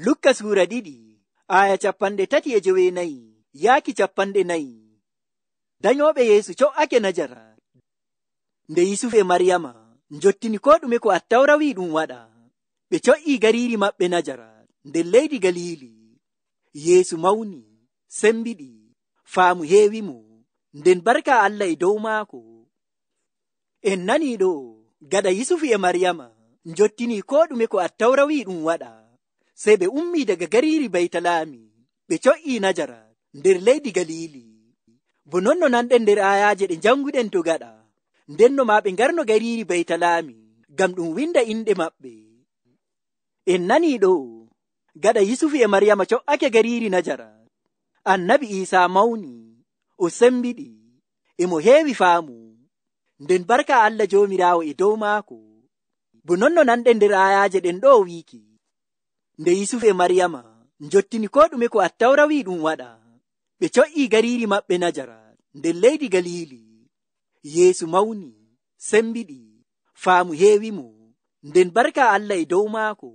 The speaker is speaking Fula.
lukka suura ɗiɗi aya capanɗe tati e joweenayi yaaki capanɗe nayi dayoɓe yeesu co'ake najara nde yusuf e mariyama jottini ko ɗume ko attawra wi ɗum waɗa ɓe co'i gariri maɓɓe najara nder leydi galili yeesu mawni sembiɗi faamu heewi mo nden barka allah e dow maako en nani ɗo gada yusufu e mariyama jottini ko ɗume ko attawra wi ɗum waɗa sey ɓe ummi daga gariri baitalami ɓe co'i najarat nder leydi galili bo nonno nanɗen nder ayaje ɗe janguɗen to gaɗa ndenno ma ɓe garno gariri baitalami ngam ɗum winda inɗe maɓɓe en nani ɗo gaɗa yusufu e maryama co'ake gariri najarat annabi isa mawni o sembiɗi emo heewi faamu nden barka allah jomirawo e dow maako bo nonno nanɗen nder ayaje ɗen ɗo wiki nde yusuf e mariyama jottini ko ɗume ko attawra wi ɗum waɗa ɓe coƴƴi gariri maɓɓe najara nden leydi galili yeesu mawni sembiɗi faamu heewi mo nden barka allah e dow maako